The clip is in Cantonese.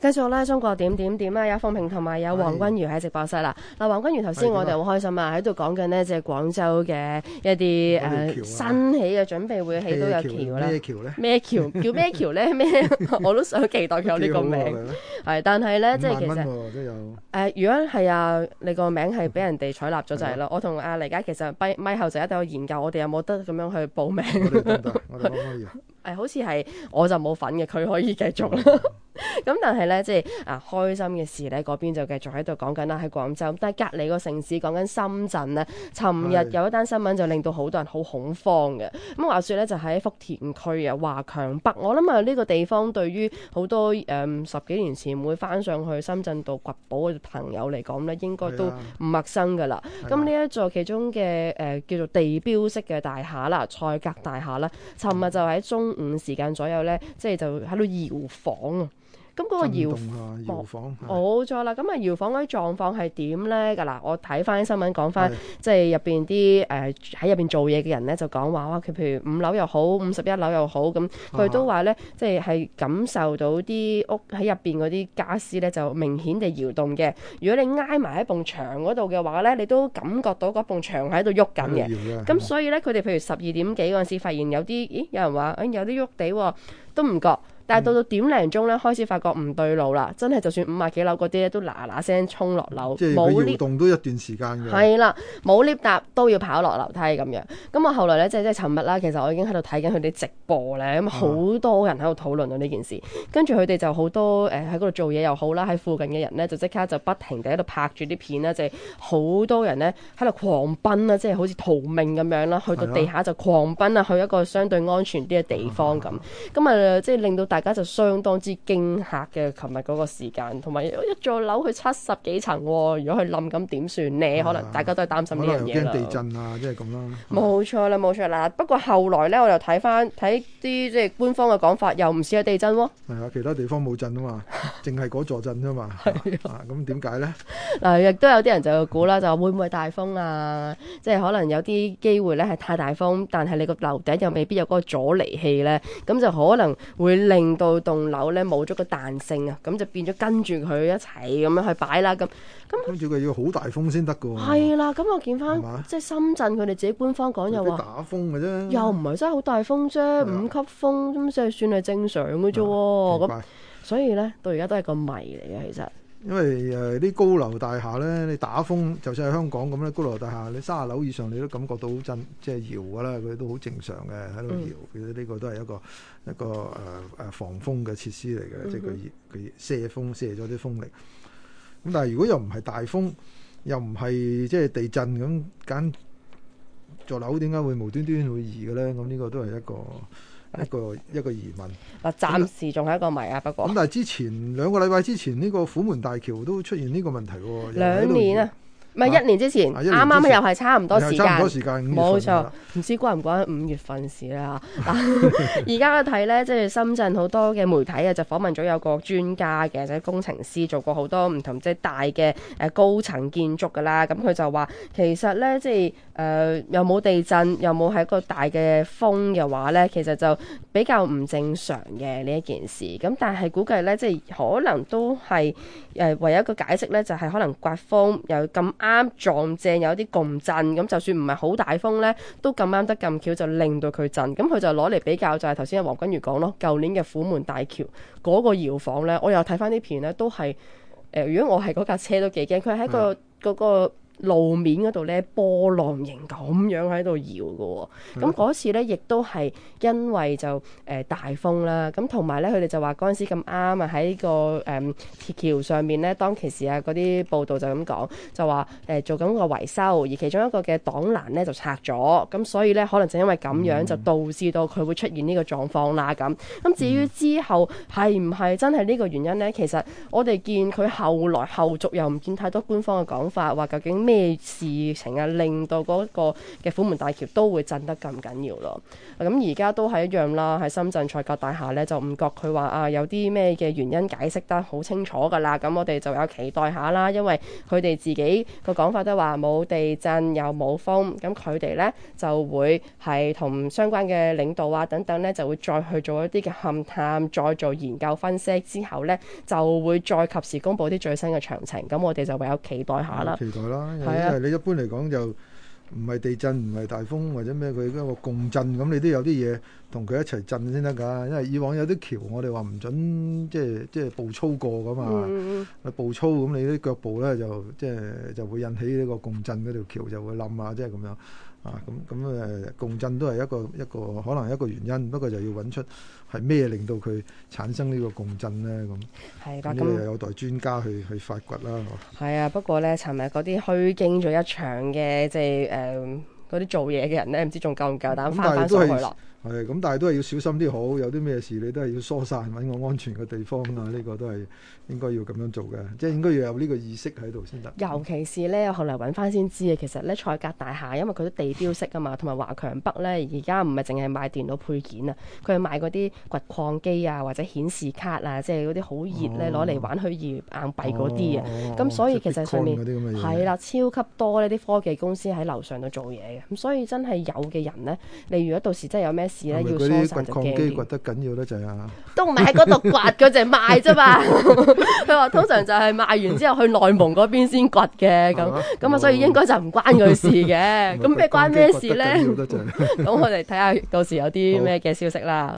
繼續啦，中國點點點啊！有鳳平同埋有黃君如喺直播室啦。嗱，黃君如頭先我哋好開心啊，喺度講緊呢即係廣州嘅一啲誒新起嘅準備會起都有橋啦。咩橋？叫咩橋咧？咩？我都想期待佢有呢個名，係但係咧，即係其實誒，如果係啊，你個名係俾人哋採納咗就係咯。我同阿黎家其實咪麥後就一定有研究，我哋有冇得咁樣去報名？我可以。誒，好似係我就冇份嘅，佢可以繼續啦。咁但係咧，即係啊，開心嘅事咧，嗰邊就繼續喺度講緊啦，喺廣州。但係隔離個城市講緊深圳咧，尋日有一單新聞就令到好多人好恐慌嘅。咁的、嗯、話説咧，就喺福田區啊，華強北。我諗啊，呢個地方對於好多誒、嗯、十幾年前會返上去深圳度掘寶嘅朋友嚟講咧，應該都唔陌生㗎啦。咁呢的一座其中嘅誒、呃、叫做地標式嘅大廈啦，賽格大廈啦，尋日就喺中午時間左右咧，即係就喺、是、度搖晃啊！咁嗰個搖房，冇錯啦。咁啊，搖房嗰啲狀況係點咧？噶嗱，我睇翻新聞講翻，是即係入邊啲誒喺入邊做嘢嘅人咧，就講話哇，佢譬如五樓又好，五十一樓又好，咁佢都話咧，啊、即係係感受到啲屋喺入邊嗰啲家私咧，就明顯地搖動嘅。如果你挨埋喺埲牆嗰度嘅話咧，你都感覺到嗰埲牆喺度喐緊嘅。咁、啊、所以咧，佢哋的譬如十二點幾嗰陣時，發現有啲，咦，有人話誒、哎、有啲喐地喎。都唔覺，但係到到點零鐘咧，嗯、開始發覺唔對路啦！真係就算五十幾樓嗰啲咧，都嗱嗱聲衝落樓，冇 lift 動都一段時間嘅。係啦，冇 lift 搭都要跑落樓梯咁樣。咁我後來咧即係即係尋日啦。其實我已經喺度睇緊佢哋直播咧，咁好多人喺度討論到呢件事。跟住佢哋就多、呃、好多誒喺嗰度做嘢又好啦，喺附近嘅人咧就即刻就不停地喺度拍住啲片啦，就係好多人咧喺度狂奔啦，即係好似逃命咁樣啦，去到地下就狂奔啊，去一個相對安全啲嘅地方咁。咁啊～即係令到大家就相當之驚嚇嘅，琴日嗰個時間，同埋一座樓去七十幾層，哦，如果佢冧咁點算咧？啊、可能大家都係擔心呢樣嘢啦。可能又驚地震啊，即係咁啦。冇錯啦，冇、啊、錯嗱。不過後來呢，我又睇翻睇啲即係官方嘅講法，又唔似係地震喎，哦。係啊，其他地方冇震啊嘛，淨係嗰座震啫嘛。咁點解呢？嗱，亦都有啲人就估啦，就話會唔會大風啊？即、就、係、是、可能有啲機會咧，係太大風，但係你個樓頂又未必有嗰個阻離器呢。咁就可能。會令到棟樓咧冇咗個彈性啊，咁就變咗跟住佢一齊咁樣去擺啦，咁咁跟住佢要好大風先得噶喎。係啦，咁我見翻吧即係深圳佢哋自己官方講又話打風嘅啫，又唔係真係好大風啫，五的級風咁先係算係正常嘅啫。咁所以咧，到而家都係個謎嚟嘅其實。因為誒，啲、呃、高樓大廈咧，你打風，就算喺香港咁咧，高樓大廈你三十樓以上，你都感覺到好震，即係搖噶啦，佢都好正常嘅喺度搖。其實呢個都係一個一個誒誒、呃、防風嘅設施嚟嘅，即係佢佢卸風卸咗啲風力。咁但係如果又唔係大風，又唔係即係地震咁，咁座樓點解會無端端會移嘅咧？咁、這、呢個都係一個，一個一個疑問，嗱、啊，暫時仲係一個謎啊，以不過咁但係之前兩個禮拜之前呢個虎門大橋都出現呢個問題，兩年啊。唔係、啊、一年之前，啱啱又係差唔多時間，冇錯。唔知關唔關五月份事咧？而家睇呢，即係深圳好多嘅媒體啊，就訪問咗有個專家嘅，即係工程師，做過好多唔同即係大嘅誒高層建築㗎啦。咁佢就話其實呢，即係誒又冇地震，又冇係一個大嘅風嘅話呢，其實就比較唔正常嘅呢一件事。咁但係估計呢，即係可能都係誒唯一一個解釋呢，就係可能刮風又咁。啱撞正有啲共振咁，就算唔係好大風呢，都咁啱得咁巧就令到佢震咁，佢就攞嚟比較就係頭先阿黃君如講咯，舊年嘅虎門大橋嗰個搖晃呢，我又睇翻啲片呢，都係、呃、如果我係嗰架車都幾驚，佢喺個個。嗯路面嗰度咧波浪形咁樣喺度搖嘅、哦，咁嗰次咧亦都係因為就誒、呃、大風啦，咁同埋咧佢哋就話嗰陣時咁啱啊喺個誒鐵橋上面咧，當其時啊嗰啲報道就咁講，就話誒、呃、做緊個維修，而其中一個嘅擋欄咧就拆咗，咁所以咧可能就因為咁樣就導致到佢會出現呢個狀況啦咁。咁至於之後係唔係真係呢個原因咧？嗯、其實我哋見佢後來後續又唔見太多官方嘅講法，話究竟咩事情啊，令到嗰個嘅虎門大橋都會震得咁緊要咯？咁而家都係一樣啦，喺深圳賽格大廈咧就唔覺佢話啊有啲咩嘅原因解釋得好清楚噶啦。咁我哋就有期待下啦，因為佢哋自己個講法都話冇地震又冇風，咁佢哋咧就會係同相關嘅領導啊等等咧就會再去做一啲嘅勘探、再做研究分析之後咧就會再及時公布啲最新嘅詳情。咁我哋就唯有期待下啦。期待啦～因為你一般嚟講，就唔係地震，唔係大風，或者咩佢一個共振咁，你都有啲嘢同佢一齊震先得㗎。因為以往有啲橋，我哋話唔準，即係即係步操過㗎嘛，嗯、步操咁，你啲腳步咧就即係就會引起呢個共振，嗰條橋就會冧啊，即係咁樣。啊，咁咁誒共振都係一個一個可能係一個原因，不過就要揾出係咩令到佢產生呢個共振咧咁。係啦，咁又有待專家去、嗯、去發掘啦，係、嗯、啊，不過咧，尋日嗰啲虛驚咗一場嘅，即係誒嗰啲做嘢嘅人咧，唔知仲夠唔夠膽、嗯、翻返出去咯？咁，但係都係要小心啲好。有啲咩事你都係要疏散，揾個安全嘅地方啊！呢、呢個都係應該要咁樣做嘅，即係應該要有呢個意識喺度先得。尤其是呢，後嚟揾翻先知啊，其實呢，賽格大廈因為佢啲地標式啊嘛，同埋華強北呢，而家唔係淨係賣電腦配件啊，佢係賣嗰啲掘礦機啊或者顯示卡啊，即係嗰啲好熱呢攞嚟玩虛擬硬幣嗰啲啊。咁、哦、所以其實上面係啦，超級多呢啲科技公司喺樓上度做嘢嘅。咁所以真係有嘅人呢，你如如果到時真係有咩？嗰啲掘礦機掘得緊要得滯啊，都唔係喺嗰度掘，佢就 賣啫嘛。佢 話通常就係賣完之後去內蒙嗰邊先掘嘅，咁咁 那啊，所以應該就唔關佢事嘅。咁咩關咩事咧？咁 我哋睇下到時有啲咩嘅消息啦。